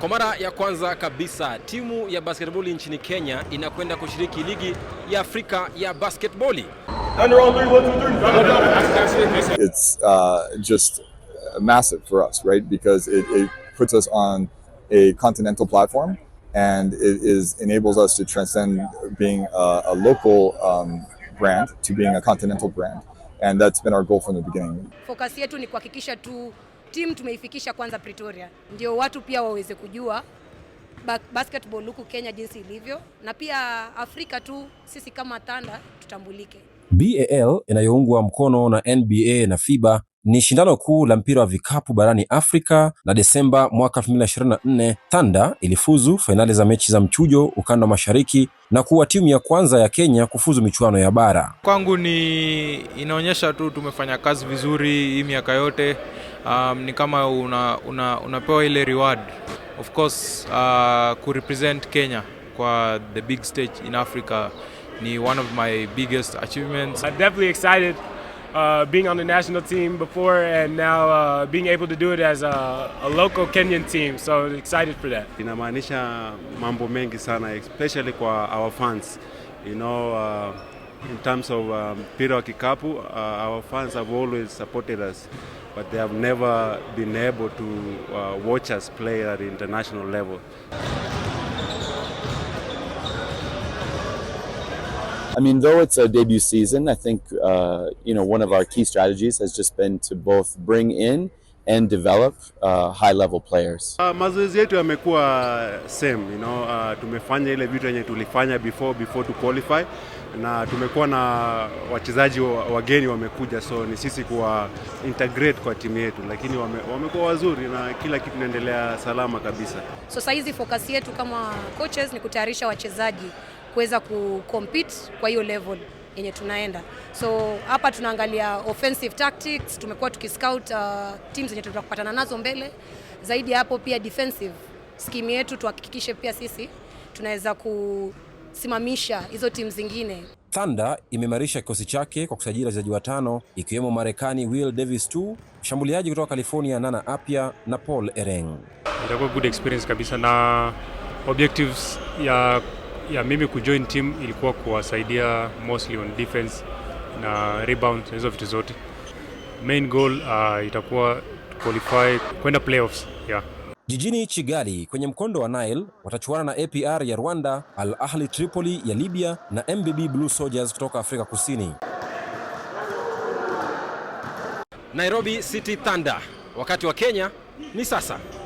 Kwa mara ya kwanza kabisa timu ya basketboli nchini Kenya inakwenda kushiriki ligi ya Afrika ya basketboli. It's uh, just massive for us, right? Because it, it puts us on a continental platform and it is enables us to transcend being a, a local um, brand to being a continental brand and that's been our goal from the beginning. Focus yetu ni kuhakikisha tu timu tumeifikisha kwanza Pretoria, ndio watu pia waweze kujua basketball huku Kenya jinsi ilivyo, na pia Afrika tu sisi kama Tanda tutambulike. BAL inayoungwa mkono na NBA na FIBA ni shindano kuu la mpira wa vikapu barani Afrika, na Desemba mwaka 2024 Tanda ilifuzu fainali za mechi za mchujo ukanda wa mashariki na kuwa timu ya kwanza ya Kenya kufuzu michuano ya bara. Kwangu ni inaonyesha tu tumefanya kazi vizuri hii miaka yote um, ni kama una, una, unapewa ile reward of course uh, kurepresent Kenya kwa the big stage in Africa ni one of my biggest achievements. I'm definitely excited uh, being on the national team before and now uh, being able to do it as a, a local Kenyan team so excited for that. Inamaanisha mambo mengi sana especially kwa our fans. You know, uh, In terms of um, Kapu, Kikapu, uh, our fans have always supported us, but they have never been able to uh, watch us play at the international level. I mean, though it's a debut season, I think uh, you know one of our key strategies has just been to both bring in and develop uh, high level players. Uh, mazoezi yetu yamekuwa same, you know, uh, tumefanya ile vitu yenye tulifanya before before to qualify na tumekuwa na wachezaji wageni wamekuja, so ni sisi kuwa integrate kwa timu yetu, lakini wame, wamekuwa wazuri na kila kitu inaendelea salama kabisa. So saa hizi focus yetu kama coaches ni kutayarisha wachezaji kuweza kucompete kwa hiyo level yenye tunaenda. So hapa tunaangalia offensive tactics, tumekuwa tukiscout uh, teams zenye tunataka kupatana nazo mbele. Zaidi ya hapo pia defensive scheme yetu tuhakikishe pia sisi tunaweza kusimamisha hizo timu zingine. Thunder imeimarisha kikosi chake kwa kusajili wachezaji watano ikiwemo Marekani Will Davis tu, mshambuliaji kutoka California Nana Apia na Paul Ereng. Itakuwa good experience kabisa na objectives ya ya mimi kujoin team ilikuwa kuwasaidia mostly on defense na rebound hizo vitu zote. Main goal uh, itakuwa qualify kwenda playoffs yeah. Jijini Kigali kwenye mkondo wa Nile watachuana na APR ya Rwanda, Al Ahli Tripoli ya Libya na MBB Blue Soldiers kutoka Afrika Kusini. Nairobi City Thunder wakati wa Kenya ni sasa.